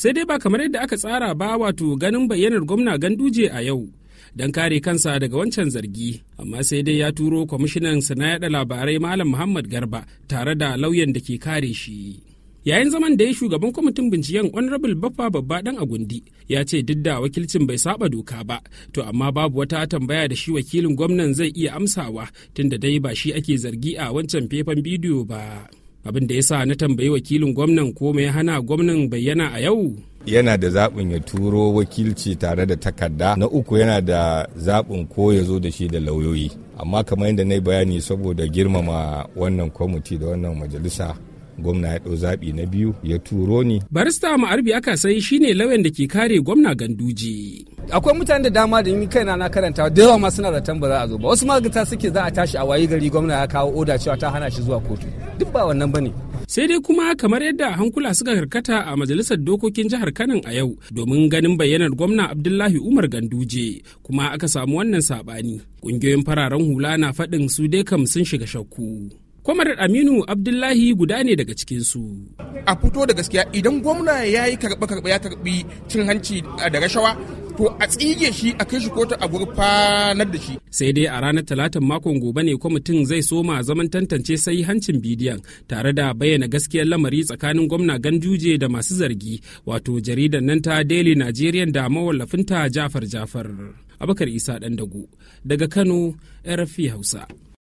sai dai ba kamar yadda aka tsara ba wato ganin bayyanar gwamna ganduje a yau don kare kansa daga wancan zargi amma sai dai ya turo kwamishinan na yada labarai malam muhammad garba tare da lauyan da ke kare shi yayin zaman da ya shugaban kwamitin binciken honorable baffa babba dan agundi ya ce duk da wakilcin bai saba doka ba to amma babu wata tambaya da shi wakilin gwamnan zai iya amsawa tunda dai ba shi ake zargi a wancan fefan bidiyo ba abin da ya sa na tambayi wakilin gwamnan ko mai hana gwamnan bayyana a yau yana da zaɓin ya turo wakilci tare da takarda na uku yana da zaɓin ko ya zo da shi da lauyoyi amma kamar yadda na yi bayani saboda girmama wannan kwamiti da wannan majalisa gwamna ya ɗau zaɓi na biyu ya turo ni. barista ma'arbi aka sai shine lauyan da ke kare gwamna ganduje. akwai mutane da dama da ni kaina na karanta da yawa ma suna zaton ba za a zo ba wasu magata suke za a tashi a wayi gari gwamna ya kawo oda cewa ta hana shi zuwa kotu duk ba wannan bane sai dai kuma kamar yadda hankula suka karkata a majalisar dokokin jihar Kano a yau domin ganin bayyanar gwamna Abdullahi Umar Ganduje kuma aka samu wannan sabani ƙungiyoyin fararen hula na faɗin su dai kam sun shiga shakku kwamar aminu abdullahi guda ne daga cikinsu a fito da gaskiya idan gwamna ya yi karɓe-karɓe ya karɓi cin hanci da rashawa to a tsige shi a kai shi kotu a gurfanar da shi. Sai dai a ranar talatin makon gobe ne kwamitin zai soma zaman tantance sai hancin bidiyon tare da bayyana gaskiyar lamari tsakanin gwamna ganduje da masu zargi wato jaridar nan ta Daily Nigerian da mawallafinta Jafar Jafar. Abakar Isa dago daga Kano, RFI Hausa.